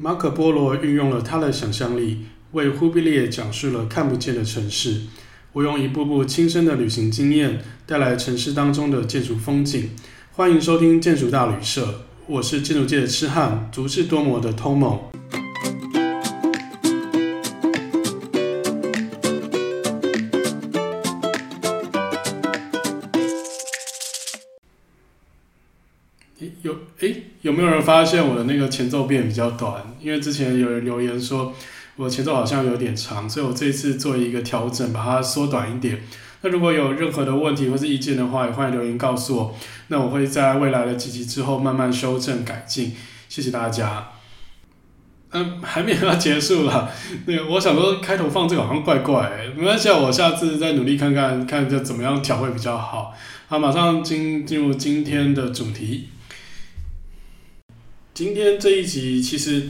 馬可·波羅運用了他的想象力，為忽必烈講述了看不見的城市。我用一步步親身的旅行經驗，帶來城市當中的建築風景。歡迎收聽《建築大旅社》，我是建築界的痴漢、足智多謀的 Tomo。有沒有人發現我的那個前奏變比較短？因為之前有人留言說我前奏好像有點長，所以我這次做一個調整，把它縮短一點。那如果有任何的問題或是意見的話，也歡迎留言告訴我。那我會在未來的幾集，集之後慢慢修正改進。謝謝大家。嗯，還沒有要結束啦。那個，我想說開頭放這個好像怪怪、欸，沒關係，我下次再努力看看看，看這怎麼樣調會比較好。好，馬上進入今天的主題。今天這一集其實，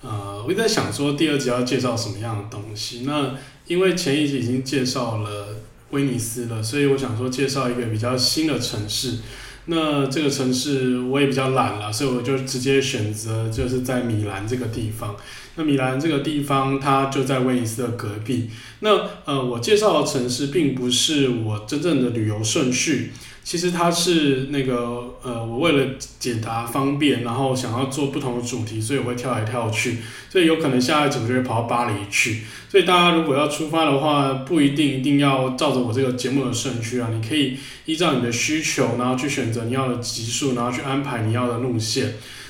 呃，我一直在想說第二集要介紹什麼樣的東西。那因為前一集已經介紹了威尼斯了，所以我想說介紹一個比較新的城市。那這個城市我也比較懶了，所以我就直接選擇就是在米蘭這個地方。那米蘭這個地方，它就在威尼斯的隔壁。那呃，我介紹的城市並不是我真正的旅遊順序，其實它是那個呃，我為了解答方便，然後想要做不同的主題，所以我會跳來跳去，所以有可能下一集就會跑到巴黎去。所以大家如果要出發的話，不一定一定要照着我這個節目的順序啊，你可以依照你的需求，然後去選擇你要的集數，然後去安排你要的路線。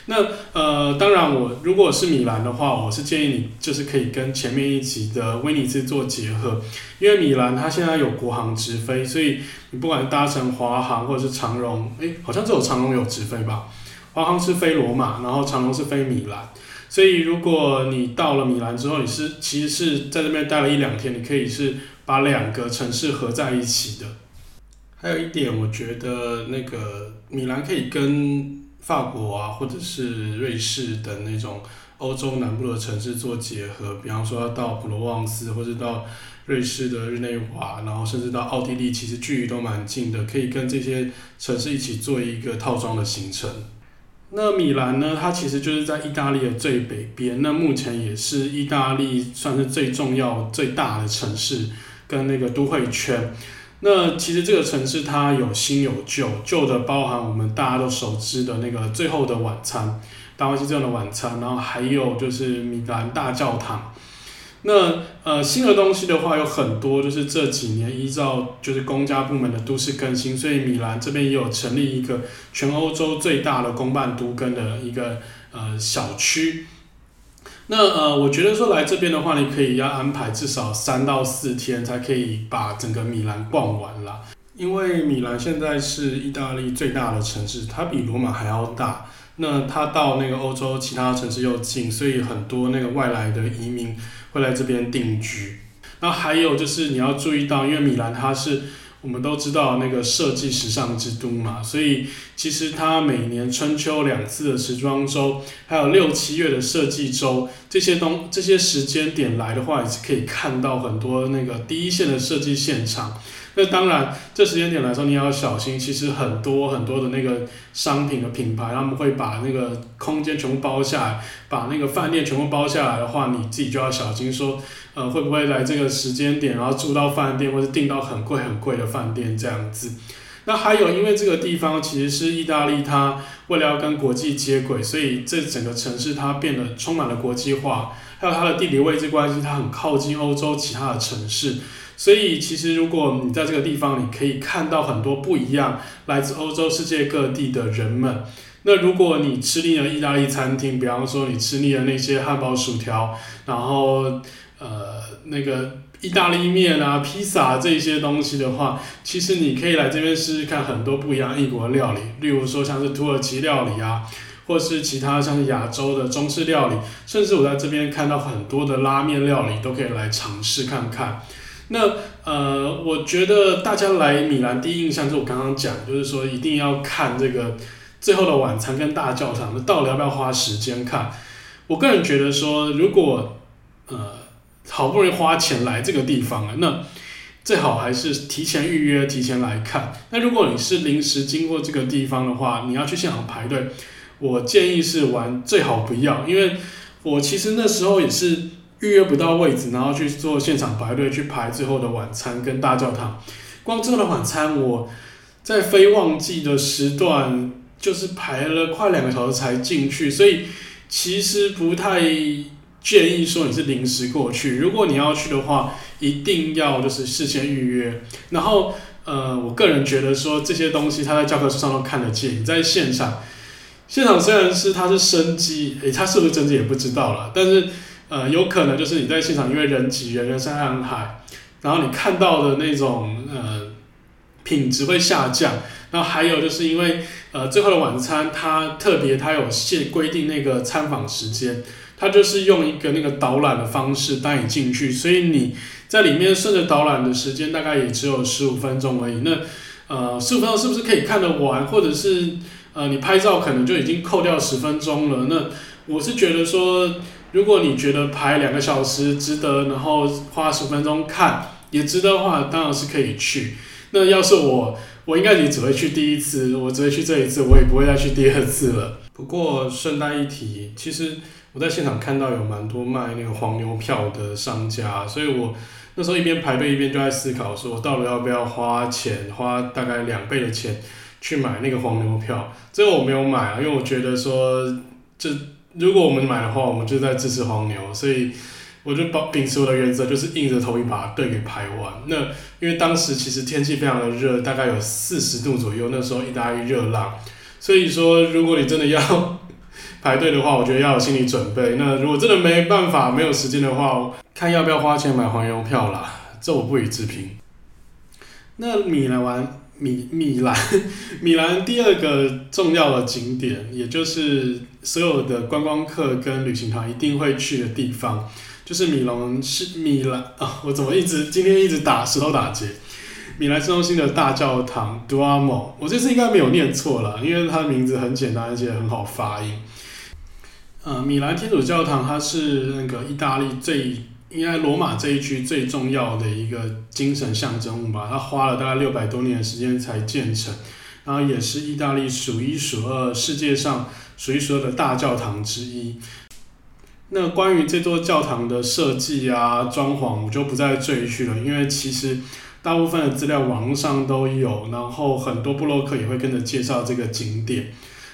那呃，當然我，我如果我是米蘭的話，我是建議你就是可以跟前面一集的威尼斯做結合，因為米蘭它現在有國航直飛，所以你不管是搭乘華航或者是長榮，哎、欸，好像只有長榮有直飛吧？華航是飛羅馬，然後長榮是飛米蘭，所以如果你到了米蘭之後，你是其實是在這邊待了一兩天，你可以是把兩個城市合在一起的。還有一點，我覺得那個米蘭可以跟。法國啊，或者是瑞士等那種歐洲南部的城市做結合，比方說要到普羅旺斯，或者到瑞士的日內瓦，然後甚至到奧地利，其實距離都蠻近的，可以跟這些城市一起做一個套裝的行程。那米蘭呢，它其實就是在意大利的最北邊，那目前也是意大利算是最重要、最大的城市跟那個都會圈。那其實這個城市它有新有舊，舊的包含我們大家都熟知的那個《最後的晚餐》，達文西這樣的晚餐，然後還有就是米蘭大教堂。那呃新的東西的話有很多，就是這幾年依照就是公家部門的都市更新，所以米蘭這邊也有成立一個全歐洲最大的公辦都更的一個呃小區。那呃，我覺得說來這邊的話，你可以要安排至少三到四天，才可以把整個米蘭逛完了。因為米蘭現在是意大利最大的城市，它比羅馬還要大。那它到那個歐洲其他城市又近，所以很多那個外來的移民會來這邊定居。那還有就是你要注意到，因為米蘭它是。我們都知道那個設計時尚之都嘛，所以其實它每年春秋兩次的時裝週，還有六七月的設計週，這些東這些時間點來的話，也是可以看到很多那個第一線的設計現場。那當然，這時間點來說，你也要小心。其實很多很多的那個商品的品牌，他們會把那個空間全部包下來，把那個飯店全部包下來的話，你自己就要小心說，呃，會不會來這個時間點，然後住到飯店，或者訂到很貴很貴的飯店這樣子。那還有，因為這個地方其實是意大利，它為了要跟國際接軌，所以這整個城市它變得充滿了國際化。還有它的地理位置關係，它很靠近歐洲其他的城市。所以其實，如果你在這個地方，你可以看到很多不一樣來自歐洲世界各地的人們。那如果你吃膩了意大利餐廳，比方說你吃膩了那些漢堡、薯條，然後呃那個意大利麵啊、披薩啊，這些東西的話，其實你可以來這邊試試看很多不一樣異國料理，例如說像是土耳其料理啊，或是其他像是亞洲的中式料理，甚至我在這邊看到很多的拉麵料理，都可以來嘗試看看。那呃，我覺得大家來米蘭第一印象就是我剛剛講的，就是說一定要看這個《最後的晚餐》跟大教堂。那到底要不要花時間看？我個人覺得說，如果呃好不容易花錢來這個地方了，那最好還是提前預約，提前來看。那如果你是臨時經過這個地方的話，你要去現場排隊。我建議是玩最好不要，因為我其實那時候也是。預約不到位置，然後去做現場排隊去排最後的晚餐跟大教堂。光最後的晚餐，我在非旺季的時段就是排了快兩個小時才進去，所以其實不太建議說你是臨時過去。如果你要去的話，一定要就是事先預約。然後，呃，我個人覺得說這些東西，它在教科書上都看得見，你在現場，現場雖然是它是生機，誒，它是不是真跡也不知道了，但是。呃，有可能就是你在現場，因為人擠人，人、人山人海，然後你看到的那種呃品質會下降。那還有就是因為呃最後的晚餐，它特別它有限規定那個參訪時間，它就是用一個那個導覽的方式帶你進去，所以你在裡面順着導覽的時間大概也只有十五分鐘而已。那呃，十五分鐘是不是可以看得完，或者是呃你拍照可能就已經扣掉十分鐘了？那我是覺得說。如果你覺得排兩個小時值得，然後花十分鐘看也值得的話，當然是可以去。那要是我，我應該也只會去第一次，我只會去這一次，我也不會再去第二次了。不過順帶一提，其實我在現場看到有蠻多賣那個黃牛票的商家，所以我那時候一邊排隊一邊就在思考說，我到底要不要花錢花大概兩倍的錢去買那個黃牛票。這個我沒有買啊，因為我覺得說這如果我們買的話，我們就在支持黃牛，所以我就把秉持我的原則，就是硬着頭皮把隊給排完。那因為當時其實天氣非常的熱，大概有四十度左右，那時候意大利熱浪，所以說如果你真的要排隊的話，我覺得要有心理準備。那如果真的沒辦法沒有時間的話，看要不要花錢買黃牛票啦，這我不予置評。那米來玩。米米蘭，米蘭第二個重要的景點，也就是所有的觀光客跟旅行團一定會去的地方，就是米龍是米蘭啊！我怎麼一直今天一直打舌頭打結？米蘭市中心的大教堂 Duomo，我這次應該沒有念錯了，因為它的名字很簡單而且很好發音。嗯、呃，米蘭天主教堂它是那個意大利最。應該羅馬這一區最重要的一個精神象徵物吧，它花了大概六百多年的時間才建成，然後也是意大利數一數二、世界上數一數二的大教堂之一。那關於這座教堂的設計啊、裝潢，我就不再贅述了，因為其實大部分的資料網絡上都有，然後很多部落客也會跟着介紹這個景點。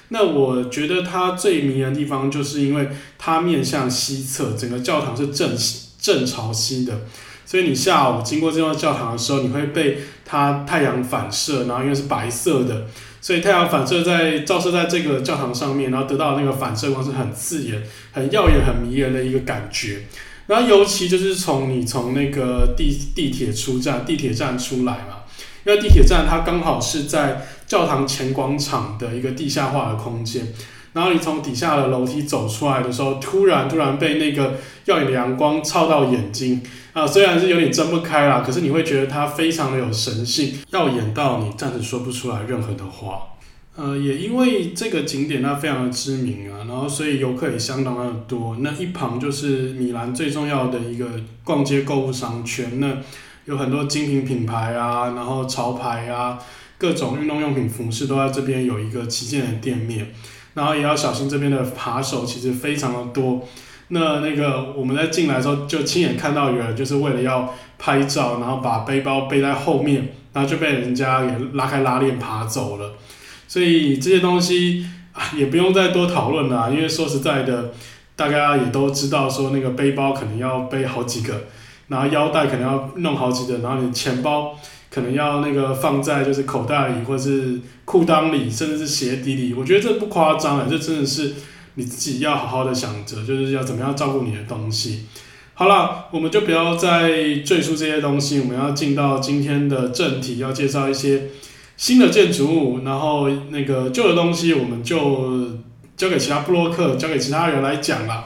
那我覺得它最迷人的地方，就是因為它面向西側，整個教堂是正西。正朝西的，所以你下午經過這座教堂的時候，你會被它太陽反射，然後因為是白色的，所以太陽反射在照射在這個教堂上面，然後得到那個反射光是很刺眼、很耀眼、很迷人的一個感覺。然後尤其就是從你從那個地地鐵出站、地鐵站出來嘛，因為地鐵站它剛好是在教堂前廣場的一個地下化的空間。然後你從底下的樓梯走出來的時候，突然突然被那個耀眼的陽光照到眼睛啊，雖然是有點睜不開啦，可是你會覺得它非常的有神性，耀眼到你暫時說不出來任何的話。呃，也因為這個景點它非常的知名啊，然後所以遊客也相當的多。那一旁就是米蘭最重要的一個逛街購物商圈，那有很多精品品牌啊，然後潮牌啊，各種運動用品、服飾都在這邊有一個旗艦的店面。然後也要小心這邊的扒手，其實非常的多。那那個我們在進來的時候，就親眼看到有人就是為了要拍照，然後把背包背在後面，然後就被人家給拉開拉鏈爬走了。所以這些東西啊，也不用再多討論了啊，因為說實在的，大家也都知道，說那個背包可能要背好幾個，然後腰帶可能要弄好幾個，然後你錢包。可能要那個放在就是口袋裡，或是褲襠裡，甚至是鞋底裡，我覺得這不誇張了，這真的是你自己要好好的想着，就是要怎麼樣照顧你的東西。好了，我們就不要再贅述這些東西，我們要進到今天的正題，要介紹一些新的建築物，然後那個舊的東西我們就交給其他部落客，交給其他人來講吧。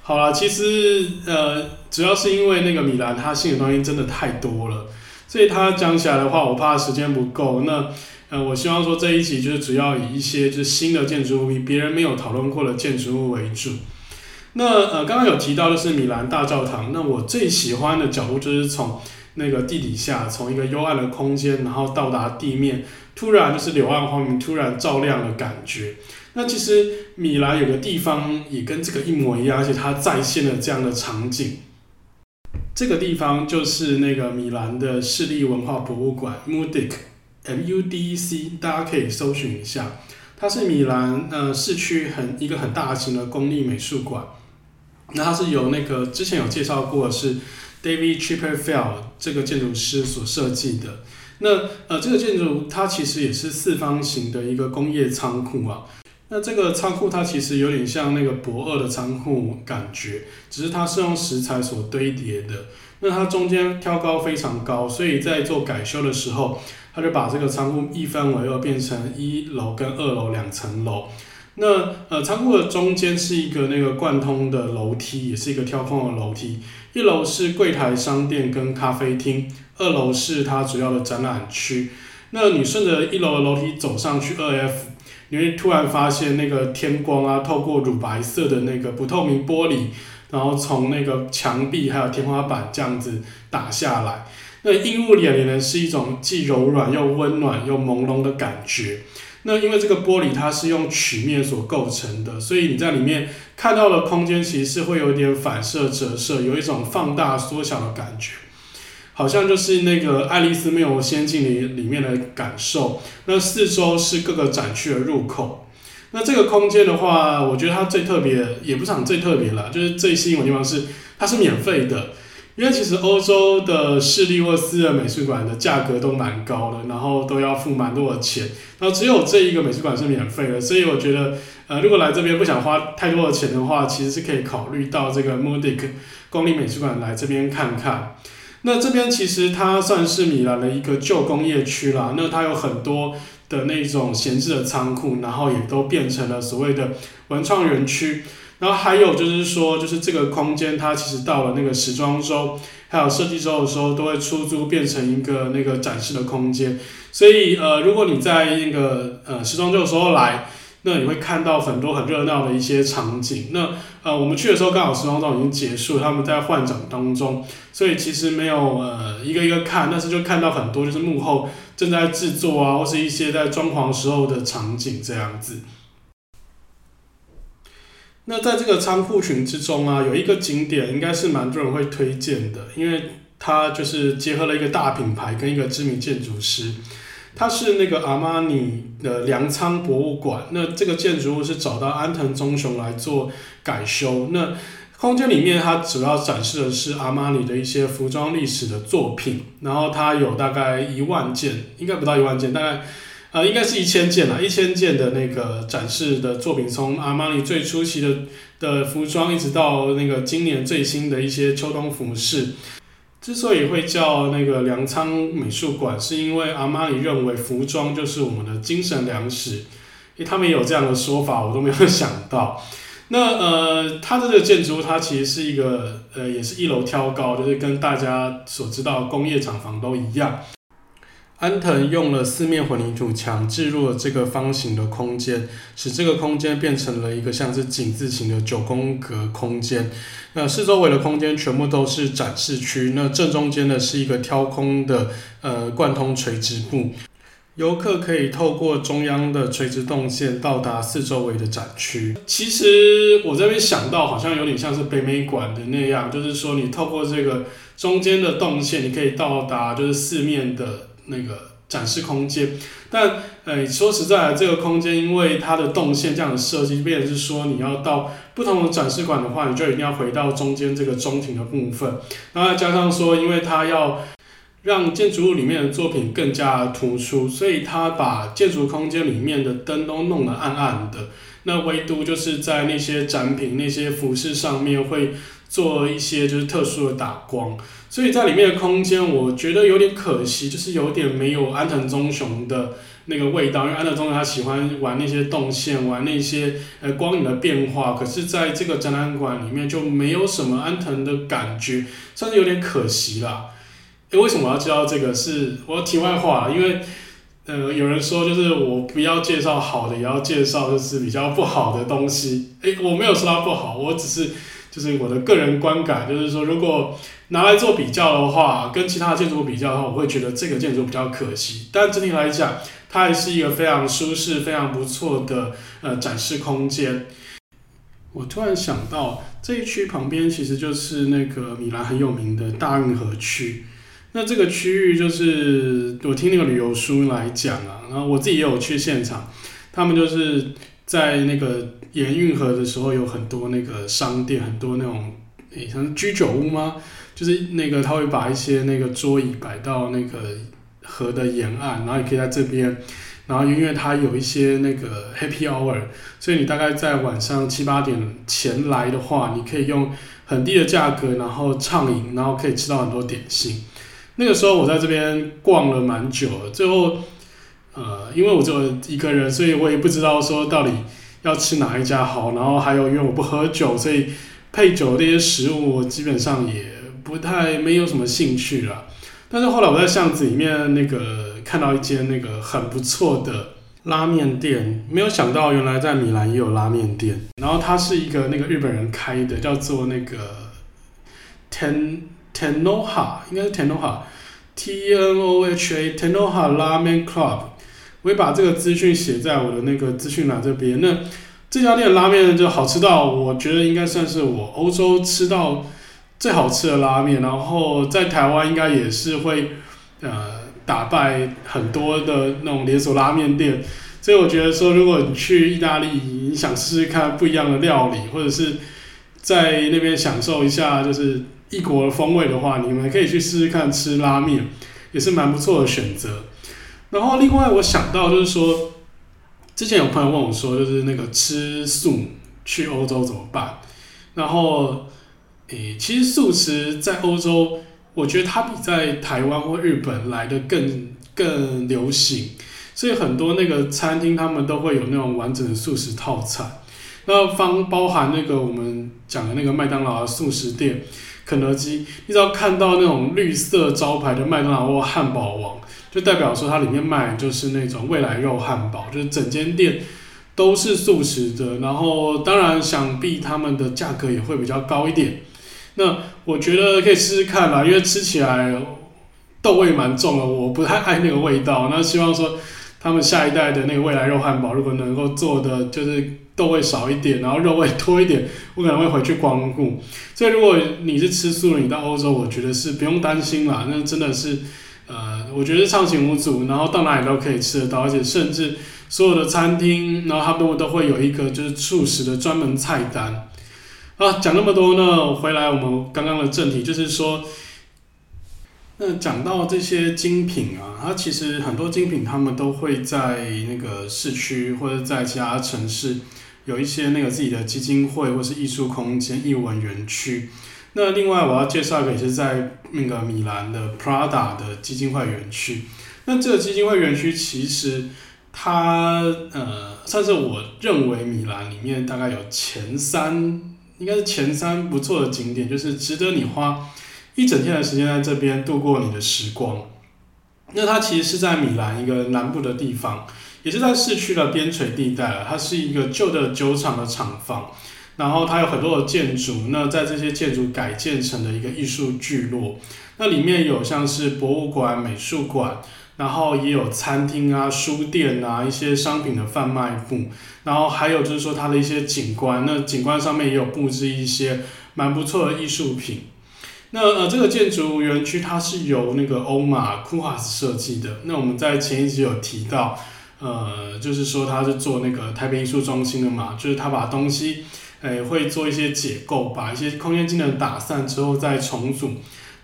好了，其實呃，主要是因為那個米蘭它新的東西真的太多了。所以他講起來的話，我怕時間不夠。那呃，我希望說這一集就是主要以一些就是新的建築物，以別人沒有討論過的建築物為主。那呃，剛剛有提到就是米蘭大教堂。那我最喜歡的角度就是從那個地底下，從一個幽暗的空間，然後到達地面，突然就是柳暗花明，突然照亮了感覺。那其實米蘭有個地方也跟這個一模一樣，而且它再現了這樣的場景。這個地方就是那個米蘭的市立文化博物館 Mudec，M U D E C，大家可以搜尋一下。它是米蘭呃市區很一個很大型的公立美術館。那它是由那個之前有介紹過是 David Chipperfield 這個建築師所設計的。那呃，這個建築它其實也是四方形的一個工業倉庫啊。那這個倉庫它其實有點像那個博二的倉庫感覺，只是它是用石材所堆疊的。那它中間挑高非常高，所以在做改修的時候，他就把這個倉庫一分為二，變成一樓跟二樓兩層樓。那呃，倉庫的中間是一個那個貫通的樓梯，也是一個挑空的樓梯。一樓是櫃檯、商店跟咖啡廳，二樓是它主要的展覽區。那你順着一樓的樓梯走上去二 F。因為突然發現那個天光啊，透過乳白色的那個不透明玻璃，然後從那個牆壁還有天花板這樣子打下來，那映入眼簾的是一種既柔軟又溫暖又朦朧的感覺。那因為這個玻璃它是用曲面所構成的，所以你在裡面看到的空間其實是會有一點反射折射，有一種放大縮小的感覺。好像就是那個《愛麗絲夢遊仙境》裡裡面的感受。那四周是各個展區的入口。那這個空間的話，我覺得它最特別，也不想最特別了，就是最吸引我的地方是它是免費的。因為其實歐洲的市立或私立的美術館的價格都蠻高的，然後都要付蠻多的錢。然後只有這一個美術館是免費的，所以我覺得，呃，如果來這邊不想花太多的錢的話，其實是可以考慮到這個 MUDEC 公立美術館來這邊看看。那這邊其實它算是米蘭的一個舊工業區啦，那它有很多的那種閒置的倉庫，然後也都變成了所謂的文創園區。然後還有就是說，就是這個空間，它其實到了那個時裝周，還有設計周的時候，都會出租變成一個那個展示的空間。所以呃，如果你在那個呃時裝周的時候來。那你會看到很多很熱鬧的一些場景。那呃，我們去的時候剛好時裝週已經結束，他們在換展當中，所以其實沒有呃一個一個看，但是就看到很多就是幕後正在制作啊，或是一些在裝潢時候的場景這樣子。那在這個倉庫群之中啊，有一個景點應該是蠻多人會推薦的，因為它就是結合了一個大品牌跟一個知名建築師。它是那個阿瑪尼的糧倉博物館，那這個建築物是找到安藤忠雄來做改修。那空間裡面它主要展示的是阿瑪尼的一些服裝歷史的作品，然後它有大概一萬件，應該不到一萬件，大概呃應該是一千件吧，一千件的那個展示的作品，從阿瑪尼最初期的的服裝，一直到那個今年最新的一些秋冬服飾。之所以會叫那個糧倉美術館，是因為阿瑪尼認為服裝就是我們的精神糧食，因為他們有這樣的說法，我都沒有想到。那呃，它的這個建築，它其實是一個呃，也是一樓挑高，就是跟大家所知道的工業廠房都一樣。安藤用了四面混凝土牆，置入了這個方形的空間，使這個空間變成了一個像是井字形的九宮格空間。那四周圍的空間全部都是展示區，那正中間的是一個挑空的呃貫通垂直部，遊客可以透過中央的垂直動線到達四周圍的展區。其實我這邊想到，好像有點像是北美館的那樣，就是說你透過這個中間的動線，你可以到達就是四面的。那個展示空間，但誒、欸，說實在，這個空間因為它的動線這樣的設計，變成是說你要到不同的展示館的話，你就一定要回到中間這個中庭的部分。那再加上說，因為它要讓建築物裡面的作品更加突出，所以它把建築空間裡面的燈都弄得暗暗的。那唯獨就是在那些展品、那些服飾上面會做一些就是特殊的打光。所以在裡面的空間，我覺得有點可惜，就是有點沒有安藤忠雄的那個味道。因為安藤忠雄他喜歡玩那些動線，玩那些呃光影的變化，可是在這個展覽館裡面就沒有什麼安藤的感覺，算是有點可惜啦。哎、欸，為什麼我要介紹這個是？是我要題外話，因為呃有人說就是我不要介紹好的，也要介紹就是比較不好的東西。欸、我沒有說它不好，我只是就是我的個人觀感，就是說如果。拿來做比較的話，跟其他的建築比較的話，我會覺得這個建築比較可惜。但整體來講，它還是一個非常舒適、非常不錯的呃展示空間。我突然想到，這一區旁邊其實就是那個米蘭很有名的大運河區。那這個區域就是我聽那個旅遊書來講啊，然後我自己也有去現場，他們就是在那個沿運河的時候有很多那個商店，很多那種，誒，像居酒屋嗎？就是那個他會把一些那個桌椅，擺到那個河的沿岸，然後也可以在這邊。然後因為它有一些那個 happy hour，所以你大概在晚上七八點前來的話，你可以用很低的價格，然後暢飲，然後可以吃到很多點心。那個時候我在這邊逛了蠻久了，最後呃，因為我就一個人，所以我也不知道說到底要吃哪一家好。然後還有因為我不喝酒，所以配酒那些食物我基本上也。不太沒有什麼興趣了啊，但是後來我在巷子裡面那個看到一間那個很不錯的拉麵店，沒有想到原來在米蘭也有拉麵店，然後它是一個那個日本人開的，叫做那個 Ten Tenoha，應該是 Tenoha T E N O H A Tenoha Ramen Club，我也把這個資訊寫在我的那個資訊欄這邊。那這家店的拉麵就好吃到，我覺得應該算是我歐洲吃到。最好吃的拉麵，然後在台灣應該也是會呃打敗很多的那種連鎖拉麵店，所以我覺得說，如果你去意大利，你想試試看不一樣的料理，或者是在那邊享受一下就是異國風味的話，你們可以去試試看吃拉麵，也是蠻不錯的選擇。然後另外我想到就是說，之前有朋友問我說，就是那個吃素去歐洲怎麼辦？然後。誒、欸，其實素食在歐洲，我覺得它比在台灣或日本來得更更流行，所以很多那個餐廳他們都會有那種完整的素食套餐。那方包含那個我們講的那個麥當勞的素食店、肯德基，你只要看到那種綠色招牌的麥當勞或漢堡王，就代表說它裡面賣的就是那種未來肉漢堡，就是整間店都是素食的。然後當然，想必他們的價格也會比較高一點。那我覺得可以試試看吧，因為吃起來豆味蠻重的，我不太愛那個味道。那希望說他們下一代的那個未來肉漢堡，如果能夠做的就是豆味少一點，然後肉味多一點，我可能會回去光顧。所以如果你是吃素的，你到歐洲，我覺得是不用擔心啦。那真的是，呃，我覺得是暢行無阻，然後到哪裡都可以吃得到，而且甚至所有的餐廳，然後他們都會有一個就是素食的專門菜單。好，講、啊、那麼多呢，那回來我們剛剛的正題就是說，那講到這些精品啊，它其實很多精品，他們都會在那個市區或者在其他城市有一些那個自己的基金會或是藝術空間、藝文園區。那另外我要介紹一個，也是在那個米蘭的 Prada 的基金會園區。那這個基金會園區其實它呃，算是我認為米蘭裡面大概有前三。應該是前三不錯的景點，就是值得你花一整天的時間在這邊度過你的時光。那它其實是在米蘭一個南部的地方，也是在市區的邊陲地帶了。它是一個舊的酒廠的廠房，然後它有很多的建築，那在這些建築改建成的一個藝術聚落。那裡面有像是博物館、美術館。然後也有餐廳啊、書店啊、一些商品的販賣部，然後還有就是說它的一些景觀，那景觀上面也有布置一些蠻不錯的藝術品。那呃，這個建築園區它是由那個歐瑪庫哈斯設計的。那我們在前一集有提到，呃，就是說他是做那個台北藝術中心的嘛，就是他把東西，哎，會做一些解構，把一些空間機能打散之後再重組。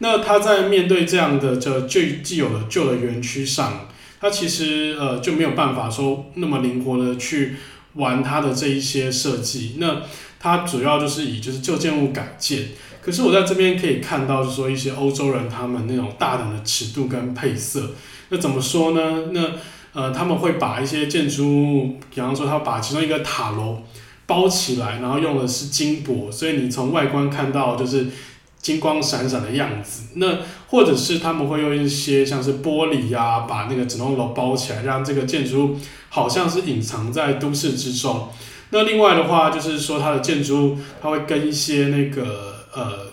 那他在面對這樣的這舊既有的舊的園區上,他其實呃就沒有辦法說那麼靈活的去玩他的這一些設計。那他主要就是以就是舊建物改建。可是我在這邊可以看到，就是說一些歐洲人他們那種大膽的尺度跟配色。那怎麼說呢？那呃他們會把一些建築物，比方說他把其中一個塔樓包起來，然後用的是金箔，所以你從外觀看到就是。金光閃閃的樣子，那或者是他們會用一些像是玻璃呀、啊，把那個整棟樓包起來，讓這個建築物好像是隱藏在都市之中。那另外的話就是說，它的建築物它會跟一些那個呃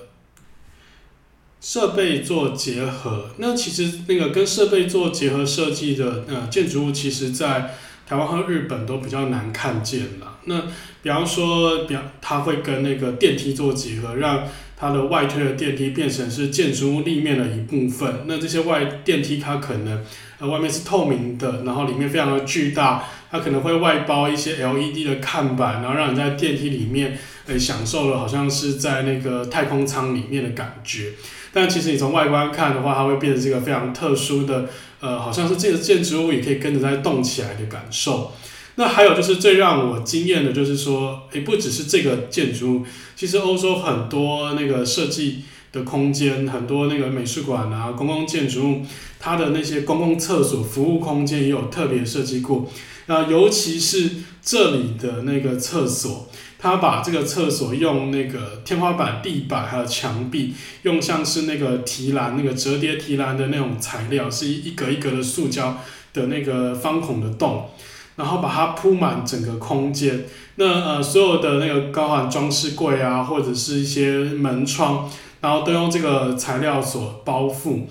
設備做結合。那其實那個跟設備做結合設計的呃建築物，其實，在台灣和日本都比較難看見了。那比方說，比方它會跟那個電梯做結合，讓它的外推的電梯變成是建築物立面的一部分，那這些外電梯它可能呃外面是透明的，然後裡面非常的巨大，它可能會外包一些 LED 的看板，然後讓你在電梯裡面、呃、享受了好像是在那個太空艙裡面的感覺，但其實你從外觀看的話，它會變成一個非常特殊的，呃好像是這個建築物也可以跟着在動起來的感受。那還有就是最讓我驚艷的，就是說，誒，不只是這個建築物，其實歐洲很多那個設計的空間，很多那個美術館啊、公共建築物，它的那些公共廁所服務空間也有特別設計過。那尤其是這裡的那個廁所，它把這個廁所用那個天花板、地板還有牆壁，用像是那個提籃、那個摺疊提籃的那種材料，是一一格一格的塑膠的那個方孔的洞。然後把它鋪滿整個空間，那呃所有的那個高款裝飾櫃啊，或者是一些門窗，然後都用這個材料所包覆，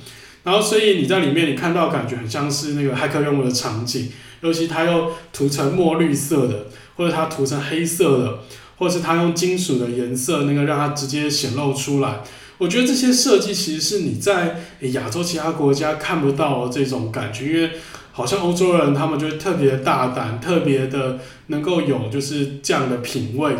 然後所以你在裡面你看到感覺很像是那個駭客用的場景，尤其它又塗成墨綠色的，或者它塗成黑色的，或者是它用金屬的顏色那個讓它直接顯露出來，我覺得這些設計其實是你在亞洲其他國家看不到的這種感覺，因為。好像歐洲人他們就特別的大膽，特別的能夠有就是這樣的品味。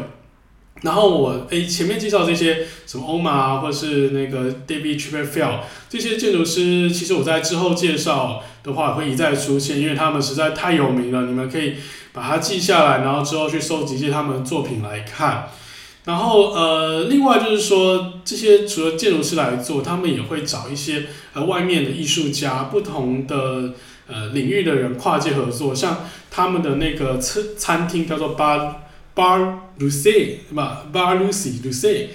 然後我誒前面介紹這些什麼 OMA 啊，或是那個 David Chipperfield 這些建築師，其實我在之後介紹的話會一再出現，因為他們實在太有名了。你們可以把它記下來，然後之後去搜集一些他們的作品來看。然後呃，另外就是說這些除了建築師來做，他們也會找一些呃外面的藝術家不同的。呃，領域的人跨界合作，像他們的那個餐餐廳叫做 Bar Bar Luce 是吧？Bar Luce Luce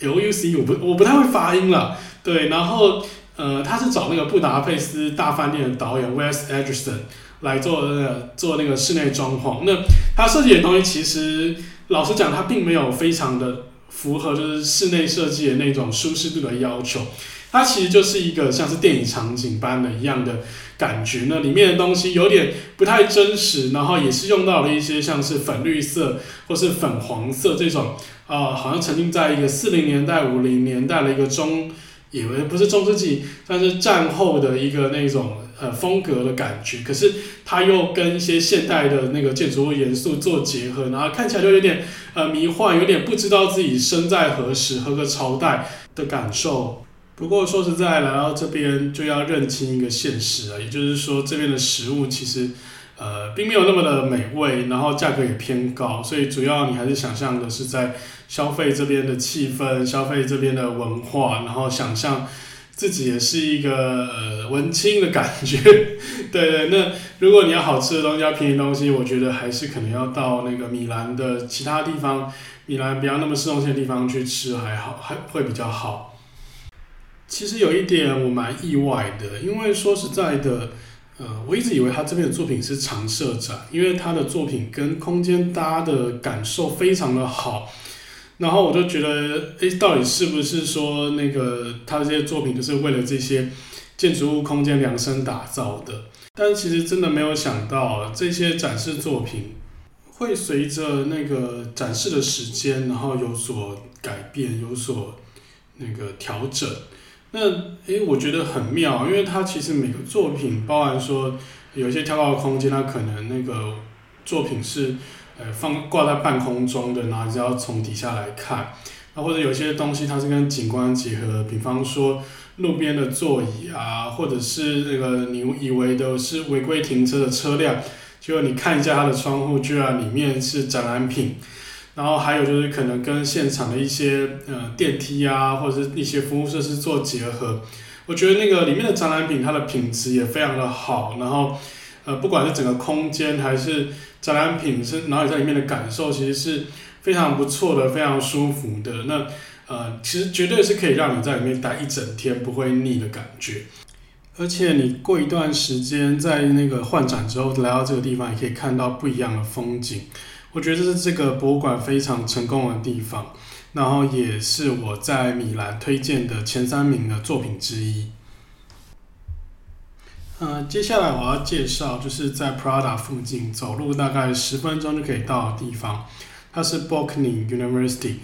Luce，我不我不太會發音了。對，然後呃，他是找那個布達佩斯大飯店的導演 Wes Anderson 來做那個做那個室內裝潢。那他設計的東西其實老實講，它並沒有非常的符合就是室內設計的那種舒適度的要求。它其實就是一個像是電影場景般的一樣的感覺呢，裡面的東西有點不太真實，然後也是用到了一些像是粉綠色或是粉黃色這種，啊、呃，好像沉浸在一個四零年代五零年代的一個中，以為不是中世紀，但是戰後的一個那種呃風格的感覺，可是它又跟一些現代的那個建築物元素做結合，然後看起來就有點呃迷幻，有點不知道自己身在何時何個朝代的感受。不過說實在，來到這邊就要認清一個現實啊，也就是說這邊的食物其實呃並沒有那麼的美味，然後價格也偏高，所以主要你還是想象的是在消費這邊的氣氛，消費這邊的文化，然後想象自己也是一個呃文青的感覺。 對對，那如果你要好吃的東西，要便宜東西，我覺得還是可能要到那個米蘭的其他地方，米蘭不要那麼市中心的地方去吃還好，還會比較好。其實有一點我蠻意外的，因為說實在的，呃，我一直以為他這邊的作品是常設展，因為他的作品跟空間搭的感受非常的好，然後我就覺得，誒，到底是不是說那個他這些作品就是為了這些建築物空間量身打造的？但其實真的沒有想到，這些展示作品會隨着那個展示的時間，然後有所改變，有所那個調整。那哎，我覺得很妙，因為它其實每個作品，包含說有一些挑高的空間，它可能那個作品是呃放掛在半空中的，然後就要從底下來看；那或者有一些東西它是跟景觀結合，比方說路邊的座椅啊，或者是那個你以為都是違規停車的車輛，就你看一下它的窗戶，居然裡面是展覽品。然後還有就是可能跟現場的一些呃電梯啊，或者是一些服務設施做結合。我覺得那個裡面的展覽品它的品質也非常的好，然後呃不管是整個空間還是展覽品，是然後你在裡面的感受，其實是非常不錯的，非常舒服的。那呃其實絕對是可以讓你在裡面待一整天不會膩的感覺。而且你過一段時間在那個換展之後，來到這個地方也可以看到不一樣的風景。我覺得這是這個博物館非常成功的地方，然後也是我在米蘭推薦的前三名的作品之一。嗯、呃，接下來我要介紹，就是在 Prada 附近走路大概十分鐘就可以到的地方，它是 Bocconi University，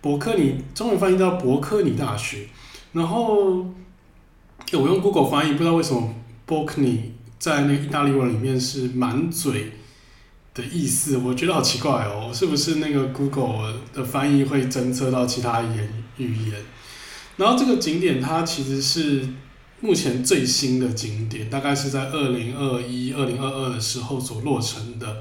博科尼，中文翻譯到博科尼大學。然後，我用 Google 翻譯，不知道為什麼 Bocconi 在那個意大利文裡面是滿嘴。的意思，我覺得好奇怪哦，是不是那個 Google 的翻譯會偵測到其他語言？語言，然後這個景點它其實是目前最新的景點，大概是在二零二一、二零二二的時候所落成的。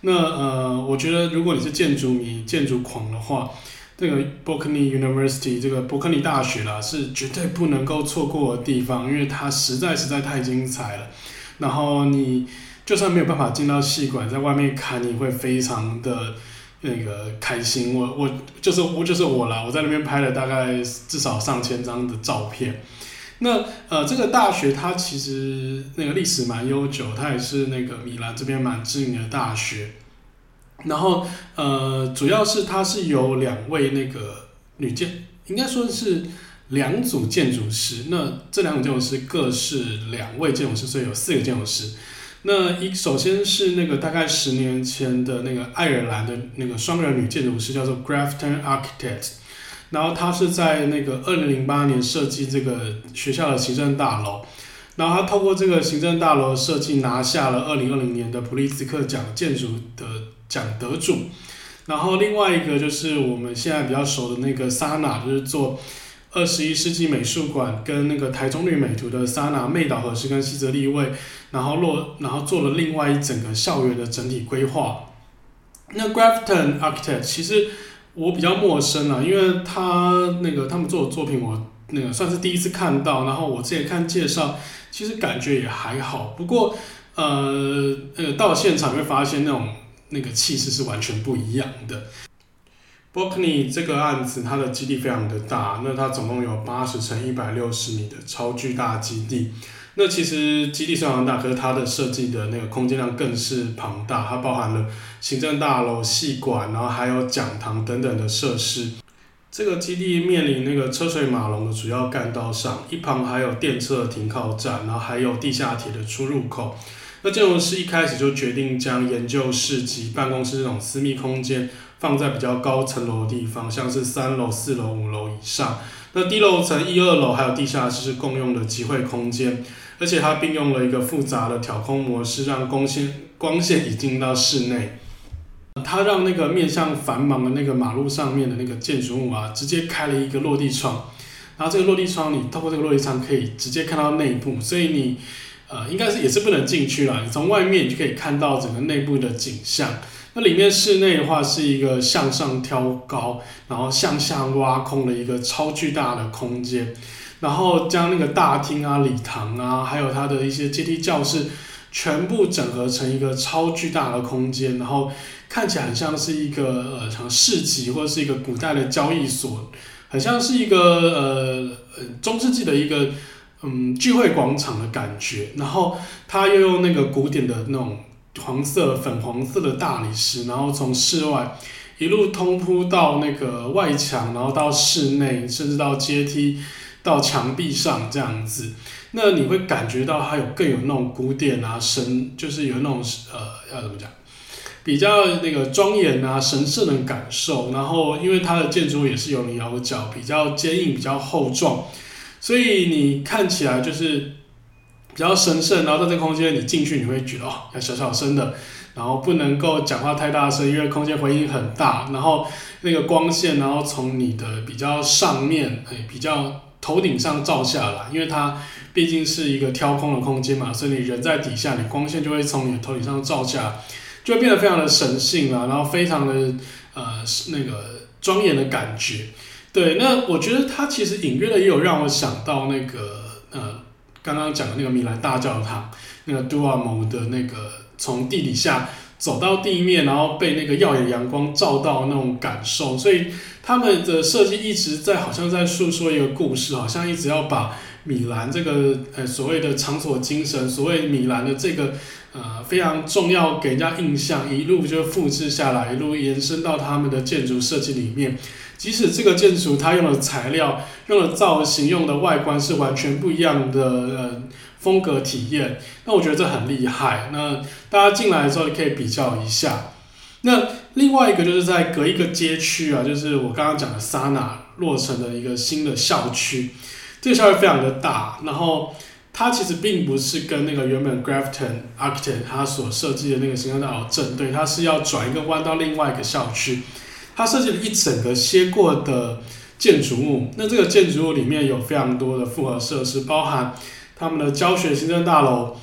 那呃，我覺得如果你是建築迷、建築狂的話，這個 Bocconi University 這個博科尼大學啦、啊，是絕對不能夠錯過的地方，因為它實在實在太精彩了。然後你。就算沒有辦法進到戲館，在外面看你會非常的那個開心。我我就是我就是我啦，我在那邊拍了大概至少上千張的照片。那呃，這個大學它其實那個歷史蠻悠久，它也是那個米蘭這邊蠻知名的大學。然後呃，主要是它是有兩位那個女建，應該說是兩組建築師。那這兩組建築師各是兩位建築師，所以有四個建築師。那一首先是那個大概十年前的那個愛爾蘭的那個雙人女建築師叫做 Grafton Architects，然後她是在那個二零零八年設計這個學校的行政大樓，然後她透過這個行政大樓設計拿下了二零二零年的普利茲克獎建築的獎得主，然後另外一個就是我們現在比較熟的那個 SANAA，就是做。二十一世紀美術館跟那個台中綠美圖的 SANAA 妹島和世跟西澤立衛，然後落然後做了另外一整個校園的整體規劃。那 Grafton Architects 其實我比較陌生了，啊，因為他那個他們做的作品我那個算是第一次看到，然後我自己看介紹，其實感覺也還好，不過呃呃到現場會發現那種那個氣勢是完全不一樣的。Bocconi 這個案子，它的基地非常的大，那它總共有八十乘一百六十米的超巨大基地。那其實基地雖然大，可是它的設計的那個空間量更是龐大，它包含了行政大樓、系館，然後還有講堂等等的設施。這個基地面臨那個車水馬龍的主要幹道上，一旁還有電車停靠站，然後還有地下鐵的出入口。那建築師一開始就決定將研究室及辦公室這種私密空間。放在比較高層樓的地方，像是三樓、四樓、五樓以上。那低樓層一二樓還有地下室是共用的集會空間，而且它並用了一個複雜的挑空模式，讓光線光線引進到室內。它、嗯、讓那個面向繁忙的那個馬路上面的那個建築物啊，直接開了一個落地窗。然後這個落地窗，你透過這個落地窗可以直接看到內部，所以你呃應該是也是不能進去了。你從外面你就可以看到整個內部的景象。那裡面室內的話是一個向上挑高，然後向下挖空的一個超巨大的空間，然後將那個大廳啊、禮堂啊，還有它的一些階梯教室，全部整合成一個超巨大的空間，然後看起來很像是一個呃像市集或是一個古代的交易所，很像是一個呃呃中世紀的一個嗯聚會廣場的感覺，然後他又用那個古典的那種。黃色、粉黃色的大理石，然後從室外一路通鋪到那個外牆，然後到室內，甚至到階梯、到牆壁上這樣子。那你會感覺到它有更有那種古典啊、神，就是有那種呃，要怎麼講，比較那個莊嚴啊、神聖的感受。然後因為它的建築也是有稜有角，比較堅硬、比較厚重，所以你看起來就是。比較神聖，然後在這個空間你進去，你會覺得哦，要小小聲的，然後不能夠講話太大聲，因為空間回音很大。然後那個光線，然後從你的比較上面，哎、欸，比較頭頂上照下來，因為它畢竟是一個挑空的空間嘛，所以你人在底下，你光線就會從你的頭頂上照下，就會變得非常的神性啊，然後非常的呃那個莊嚴的感覺。對，那我覺得它其實隱約的也有讓我想到那個呃。剛剛講的那個米蘭大教堂，那個 Duomo 的那個從地底下走到地面，然後被那個耀眼陽光照到那種感受，所以他們的設計一直在好像在訴說一個故事，好像一直要把米蘭這個呃所謂的場所精神，所謂米蘭的這個呃非常重要給人家印象，一路就複製下來，一路延伸到他們的建築設計裡面。即使這個建築它用的材料、用的造型、用的外觀是完全不一樣的、呃、風格體驗，那我覺得這很厲害。那大家進來的時候可以比較一下。那另外一個就是在隔一個街區啊，就是我剛剛講的 SANAA 落成的一個新的校區，這個校區非常的大。然後它其實並不是跟那個原本 Grafton Architects 它所設計的那個行政大樓正對，它是要轉一個彎到另外一個校區。它設計了一整個歇過的建築物，那這個建築物裡面有非常多的複合設施，包含他們的教學行政大樓，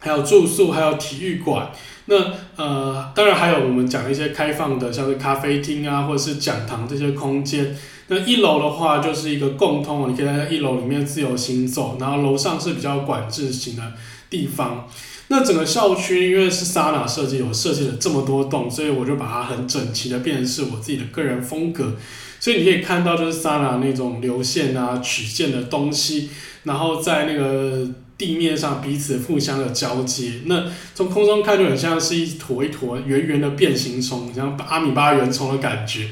還有住宿，還有體育館。那呃，當然還有我們講一些開放的，像是咖啡廳啊，或者是講堂這些空間。那一樓的話就是一個共通，你可以在一樓裡面自由行走，然後樓上是比較管制型的地方。那整個校區因為是 SANAA 設計，我設計了這麼多棟，所以我就把它很整齊的變成是我自己的個人風格。所以你可以看到，就是 SANAA 那種流線啊、曲線的東西，然後在那個地面上彼此互相的交接。那從空中看就很像是一坨一坨圓圓的變形蟲，像阿米巴原蟲的感覺。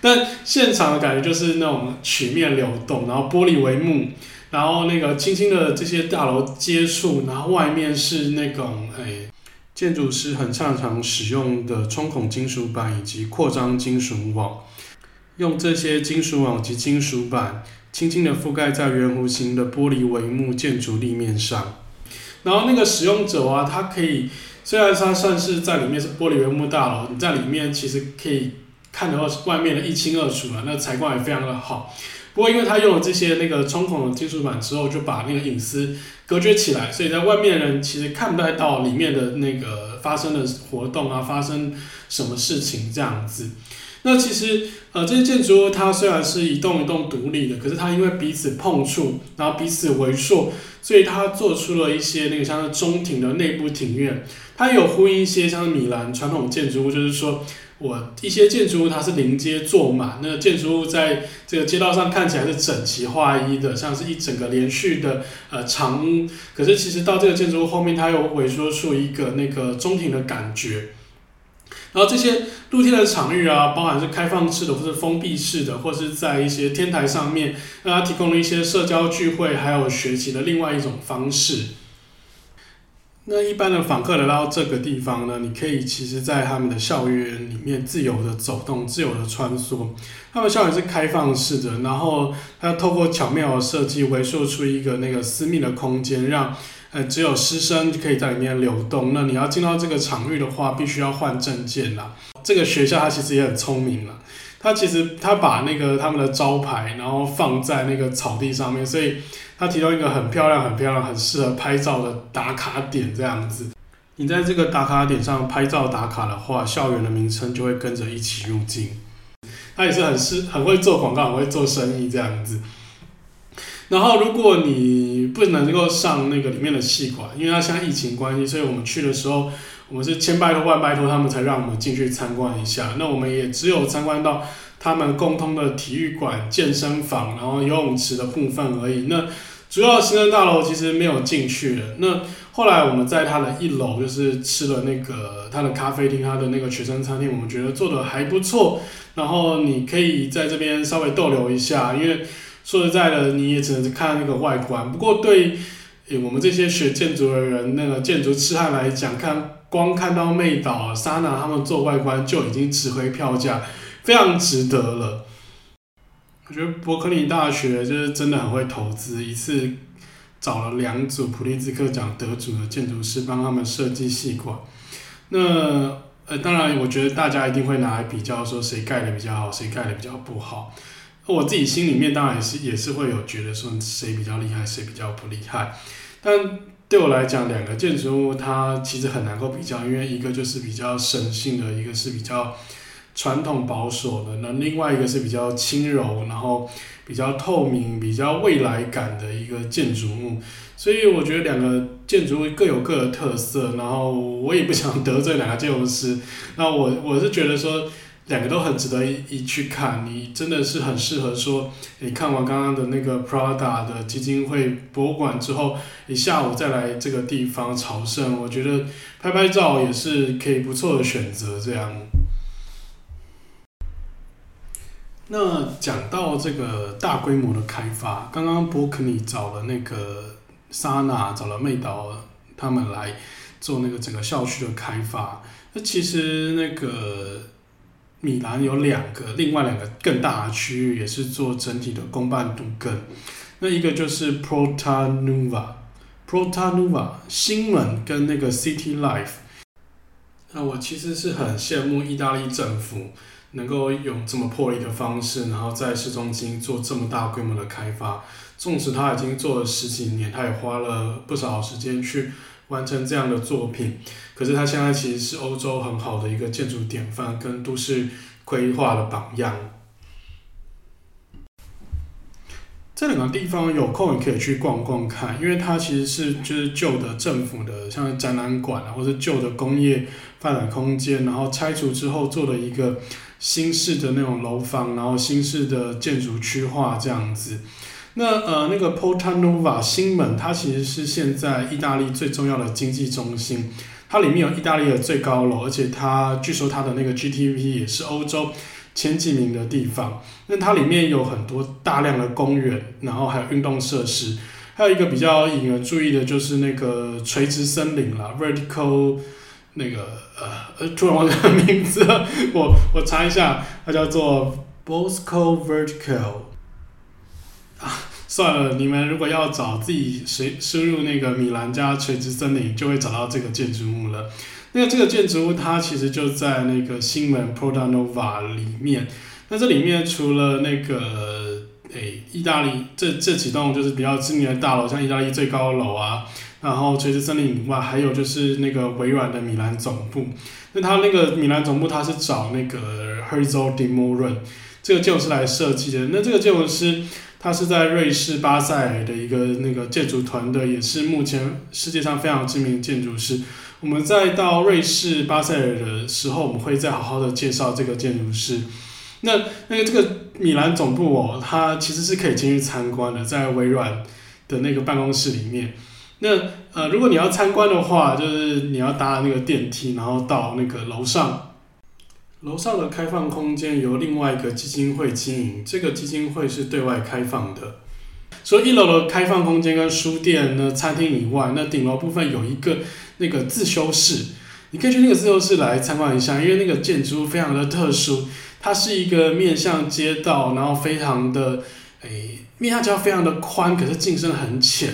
但現場的感覺就是那種曲面流動，然後玻璃帷幕。然後那個輕輕的這些大樓接觸，然後外面是那種哎，建築師很擅長使用的沖孔金屬板以及擴張金屬網，用這些金屬網及金屬板輕輕的覆蓋在圓弧形的玻璃帷幕建築立面上。然後那個使用者啊，他可以，雖然他算是在裡面是玻璃帷幕大樓，你在裡面其實可以看得到外面的一清二楚了啊，那採光也非常的好。不過，因為它用了這些那個沖孔的金屬板之後，就把那個隱私隔絕起來，所以在外面的人其實看不太到裡面的那個發生的活動啊，發生什麼事情這樣子。那其實呃，這些建築物它雖然是一棟一棟獨立的，可是它因為彼此碰觸，然後彼此圍塑，所以它做出了一些那個像是中庭的內部庭院，它有呼應一些像米蘭傳統建築物，就是說。我一些建築物它是臨街坐滿，那個、建築物在這個街道上看起來是整齊劃一的，像是一整個連續的呃長。可是其實到這個建築物後面，它又萎縮出一個那個中庭的感覺。然後這些露天的場域啊，包含是開放式的或是封閉式的，或是在一些天台上面，那它提供了一些社交聚會還有學習的另外一種方式。那一般的訪客來到這個地方呢，你可以其實在他們的校園裡面自由的走動、自由的穿梭。他們校園是開放式的，然後他要透過巧妙的設計圍塑出一個那個私密的空間，讓呃只有師生可以在裡面流動。那你要進到這個場域的話，必須要換證件啦。這個學校它其實也很聰明了。它其實它把那個他們的招牌，然後放在那個草地上面，所以。他提到一個很漂亮、很漂亮、很適合拍照的打卡點，這樣子。你在這個打卡點上拍照打卡的話，校園的名稱就會跟着一起入鏡。他也是很適、很會做廣告、很會做生意這樣子。然後，如果你不能夠上那個裡面的系館，因為它現在疫情關係，所以我們去的時候，我們是千拜託萬拜託他們才讓我們進去參觀一下。那我們也只有參觀到他們共通的體育館、健身房，然後游泳池的部分而已。那主要行政大樓其實沒有進去的。那後來我們在它的一樓，就是吃了那個它的咖啡廳，它的那個學生餐廳，我們覺得做得還不錯。然後你可以在這邊稍微逗留一下，因為說實在的，你也只能看那個外觀。不過對，誒，我們這些學建築的人，那個建築痴漢來講，看光看到妹島、SANAA 他們做外觀就已經值回票價，非常值得了。我覺得博科尼大學就是真的很會投資，一次找了兩組普利茲克獎得主的建築師幫他們設計系館。那呃，當然，我覺得大家一定會拿來比較，說誰蓋的比較好，誰蓋的比較不好。我自己心裡面當然也是也是會有覺得說誰比較厲害，誰比較不厲害。但對我來講，兩個建築物它其實很難夠比較，因為一個就是比較神性的，一個是比較。傳統保守的，那另外一個是比較輕柔，然後比較透明、比較未來感的一個建築物。所以我覺得兩個建築物各有各的特色，然後我也不想得罪兩個建築師。那我我是覺得說，兩個都很值得一、一去看。你真的是很適合說，你、欸、看完剛剛的那個 Prada 的基金會博物館之後，你下午再來這個地方朝聖，我覺得拍拍照也是可以不錯的選擇。這樣。那講到這個大規模的開發，剛剛博科尼找了那個莎娜，找了妹島他們來做那個整個校區的開發。那其實那個米蘭有兩個，另外兩個更大的區域也是做整體的公辦都更。那一個就是 Porta Nuova，Porta Nuova 新門跟那個 City Life。那我其實是很羨慕意大利政府。能夠用這麼魄力的方式，然後在市中心做這麼大規模的開發，縱使他已經做了十幾年，他也花了不少時間去完成這樣的作品。可是他現在其實是歐洲很好的一個建築典範跟都市規劃的榜樣。這兩個地方有空你可以去逛逛看，因為它其實是就是舊的政府的，像展覽館啊，或是舊的工業發展空間，然後拆除之後做的一個。新式的那種樓房，然後新式的建築區劃這樣子。那呃，那個 Porta Nuova 新門，它其實是現在意大利最重要的經濟中心。它裡面有意大利的最高樓，而且它據說它的那個 GTV 也是歐洲前幾名的地方。那它裡面有很多大量的公園，然後還有運動設施。還有一個比較引人注意的就是那個垂直森林了，Vertical。那個呃，突然忘記名字，我我查一下，它叫做 Bosco Verticale 啊，算了，你們如果要找自己輸輸入那個米蘭加垂直森林，就會找到這個建築物了。那個這個建築物它其實就在那個新門 Porta Nuova 裡面。那這裡面除了那個誒，意大利這這幾棟就是比較知名的大樓，像意大利最高樓啊。然後，垂直森林以外，還有就是那個微軟的米蘭總部。那它那個米蘭總部，它是找那個 Herzog & de Meuron 這個建築師來設計的。那這個建築師，他是在瑞士巴塞爾的一個那個建築團隊，也是目前世界上非常知名的建築師。我們再到瑞士巴塞爾的時候，我們會再好好的介紹這個建築師。那那個這個米蘭總部哦，它其實是可以進去參觀的，在微軟的那個辦公室裡面。那呃，如果你要參觀的話，就是你要搭那個電梯，然後到那個樓上。樓上的開放空間由另外一個基金會經營，這個基金會是對外開放的。所以一樓的開放空間跟書店、呢餐廳以外，那頂樓部分有一個那個自修室，你可以去那個自修室來參觀一下，因為那個建築非常的特殊，它是一個面向街道，然後非常的誒、哎，面向街道非常的寬，可是進深很淺。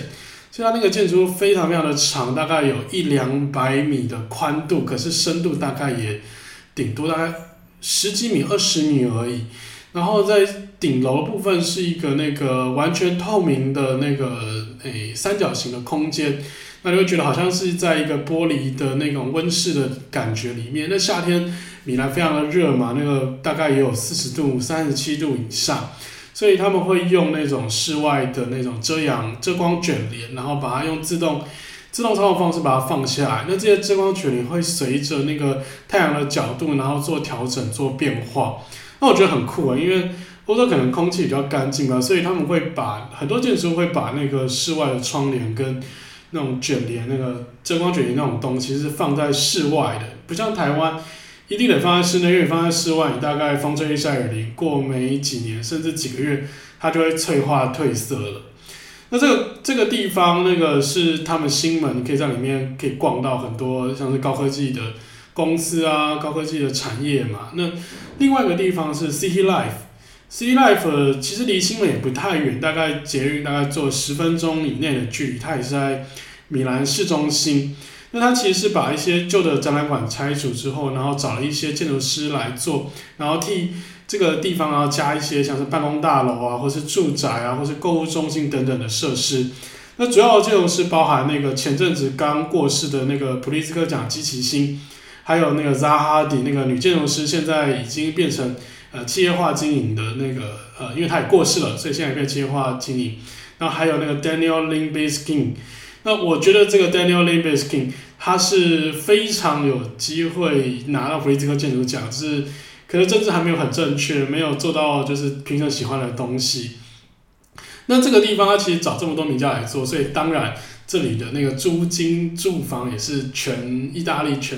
就它那個建築非常非常的長，大概有一兩百米的寬度，可是深度大概也頂多大概十幾米、二十米而已。然後在頂樓的部分是一個那個完全透明的那個誒、哎、三角形的空間，那你會覺得好像是在一個玻璃的那種溫室的感覺裡面。那夏天米蘭非常的熱嘛，那個大概也有四十度、三十七度以上。所以他們會用那種室外的那種遮陽遮光捲簾，然後把它用自動自動操作方式把它放下來。那這些遮光卷簾會隨着那個太陽的角度，然後做調整做變化。那我覺得很酷啊，因為歐洲可能空氣比較乾淨吧，所以他們會把很多建築會把那個室外的窗簾跟那種卷簾、那個遮光卷簾那種東西是放在室外的，不像台灣。一定得放在室內，因為你放在室外，你大概風吹日曬雨淋，過沒幾年甚至幾個月，它就會脆化褪色了。那這個這個地方，那個是他們新門，你可以在裡面可以逛到很多像是高科技的公司啊，高科技的產業嘛。那另外一個地方是 City Life，City Life 其實離新門也不太遠，大概捷運大概坐十分鐘以內的距離，它也是在米蘭市中心。那他其實是把一些舊的展覽館拆除之後，然後找了一些建築師來做，然後替這個地方然後加一些像是辦公大樓啊，或是住宅啊，或是購物中心等等的設施。那主要的建築師包含那個前陣子剛過世的那個普利茲克獎磯崎新。還有那個扎哈迪那個女建築師，現在已經變成呃企業化經營的那個呃，因為他也過世了，所以現在也可以企業化經營。然後還有那個 Daniel Libeskind 那我覺得這個 Daniel Libeskind 他是非常有機會拿到弗里茲克建築獎，就是可能政治還沒有很正確，沒有做到就是評審喜歡的東西。那這個地方他其實找這麼多名家來做，所以當然這裡的那個租金住房也是全意大利全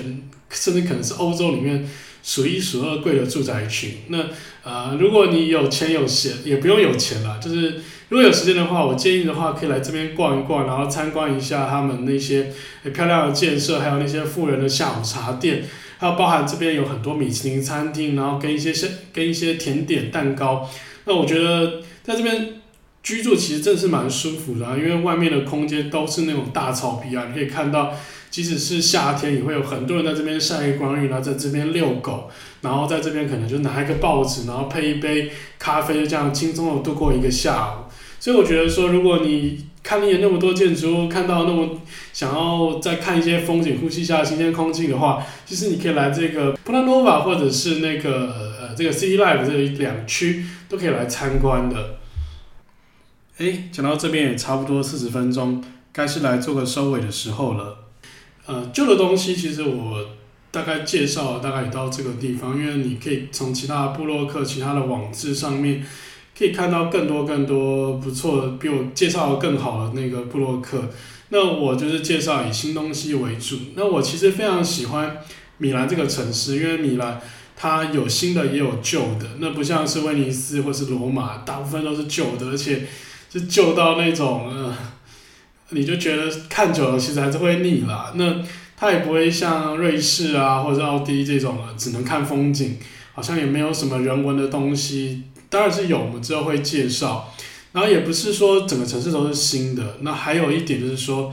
甚至可能是歐洲裡面。數一數二貴的住宅群，那，呃，如果你有錢有閒，也不用有錢了，就是如果有時間的話，我建議的話可以來這邊逛一逛，然後參觀一下他們那些很漂亮的建設，還有那些富人的下午茶店，還有包含這邊有很多米其林餐廳，然後跟一些跟一些甜點蛋糕。那我覺得在這邊居住其實真的是蠻舒服的啊，因為外面的空間都是那種大草坪啊，你可以看到。即使是夏天，也會有很多人在這邊曬一個日光浴，然後在這邊遛狗，然後在這邊可能就拿一個報紙，然後配一杯咖啡，就這樣輕鬆的度過一個下午。所以我覺得說，如果你看膩了那麼多建築，看到那麼想要再看一些風景，呼吸一下新鮮空氣的話，其實你可以來這個 Porta Nuova，或者是那個呃這個 City Life 這兩區都可以來參觀的。哎，講到這邊也差不多四十分鐘，該是來做個收尾的時候了。呃，舊的東西其實我大概介紹大概也到這個地方，因為你可以從其他部落客，其他的網誌上面可以看到更多更多不錯的，比我介紹的更好的那個部落客。那我就是介紹以新東西為主。那我其實非常喜歡米蘭這個城市，因為米蘭它有新的也有舊的，那不像是威尼斯或是羅馬，大部分都是舊的，而且是舊到那種、呃你就覺得看久了，其實還是會膩啦。那它也不會像瑞士啊，或者是奧地利這種了，只能看風景，好像也沒有什麼人文的東西。當然是有，我們之後會介紹。然後也不是說整個城市都是新的。那還有一點就是說，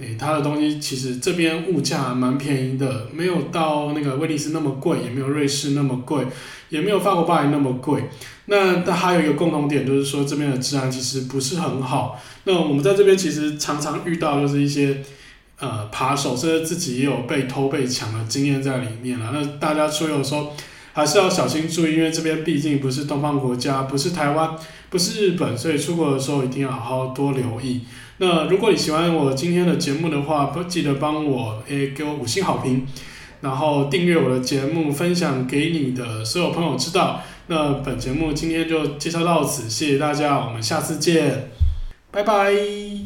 哎，它的東西其實這邊物價還蠻便宜的，沒有到那個威尼斯那麼貴，也沒有瑞士那麼貴，也沒有法國巴黎那麼貴。那但還有一個共同點，就是說這邊的治安其實不是很好。那我們在這邊其實常常遇到，就是一些呃扒手，甚至自己也有被偷被搶的經驗在裡面了。那大家出遊的時候還是要小心注意，因為這邊畢竟不是東方國家，不是台灣，不是日本，所以出國的時候一定要好好多留意。那如果你喜歡我今天的節目的話，記得幫我誒、欸，給我五星好評，然後訂閱我的節目，分享給你的所有朋友知道。那本節目今天就介紹到此，謝謝大家，我們下次見，拜拜。